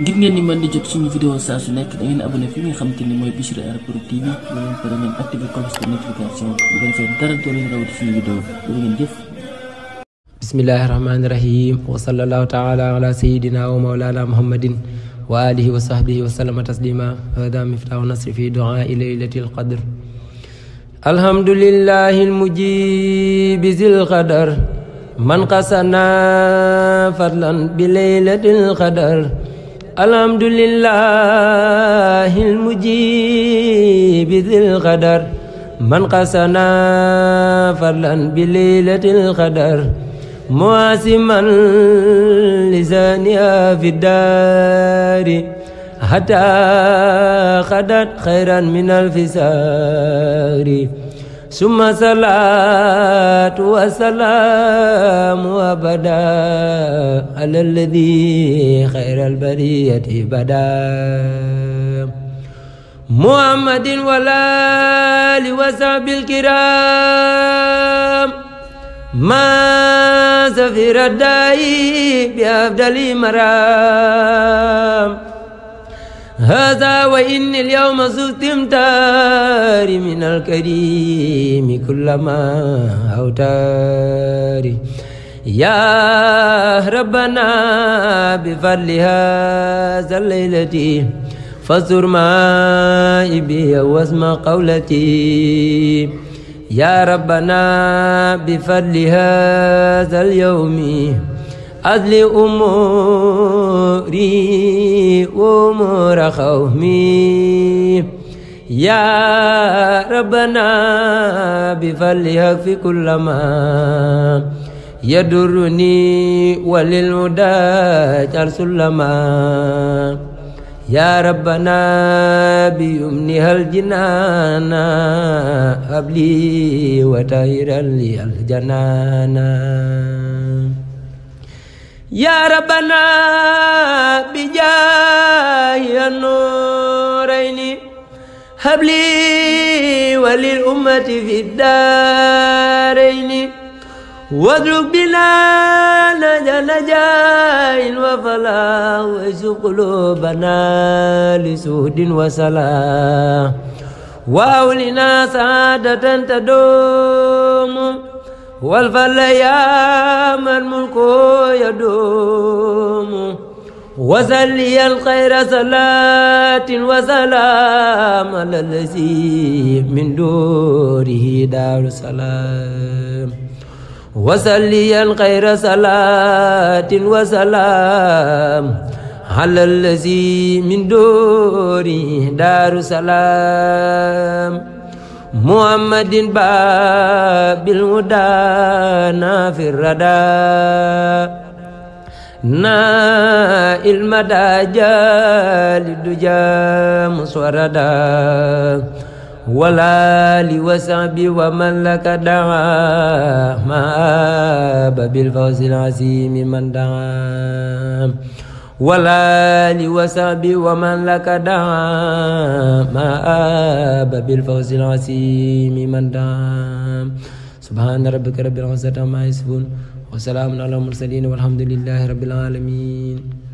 ngir ngeen ni mën di jot suñu vidéo saa su nekk da ngeen abonné fi nga xam te ni mooy Bichri Airport TV ngeen pare ngeen activé cloche de notification bu ko defee dara doo leen rawati suñu vidéo doo ngeen jëf bismillahi rahmaani rahim wa sallallahu taala ala sayidina wa maulana muhammadin wa alihi wa sahbihi wa sallama taslima hada miftahu nasri fi duaa laylati alqadr alhamdulillahi almujib zil qadar man xasana fadlan bi laylatil qadar alhamdulillahi almujibi dil qadar man xasana fadlan bi laylatil qadar muwasiman lisaniya fi daari hatta xadat xayran min alfisaari summa salaatu wa salaamu abada ala alladi xayral bariyati bada muhammadin walaali wa sahbil kiram ma safira daayi bi afdali maram هذا وإني اليوم زلت امتاري من الكريم كلما أوتاري يا ربنا بفضل هذا الليلة فاستر مائبي واسمع قولتي يا ربنا بفضل هذا اليوم أذل أموري أمور قومي يا ربنا بفليك في كل ما يدرني وللهدى جعل سلما يا ربنا بيمنها الجنان أبلي وتهيرا لي الجنان yaa rabbana bi jaahi an-nuurayni habli wa lil ummati fi daarayni واضرب بنا نجا نجا وفلا واجزق قلوبنا لسهد وسلا وأولنا سعادة تدوم والفلا يا من ملكه يدوم وزلي الخير صلاة وسلام على الذي من دوره دار سلام وزلي الخير صلاة وسلام على الذي من دوره دار سلام محمد باب الهدى نافي الردى naa ilma daa jaali du jaamus waradaa walaali wasaabi wa man laka daa maa ba bil fawsil asiimi man daa walaali wasaabi wa man laka daa maa ba bil fawsil asiimi man daa subhaana rabbika rabbil izzati ammaa yasifuun wa salaamun alal mursaliin walhamdulillaahi rabbil aalamiin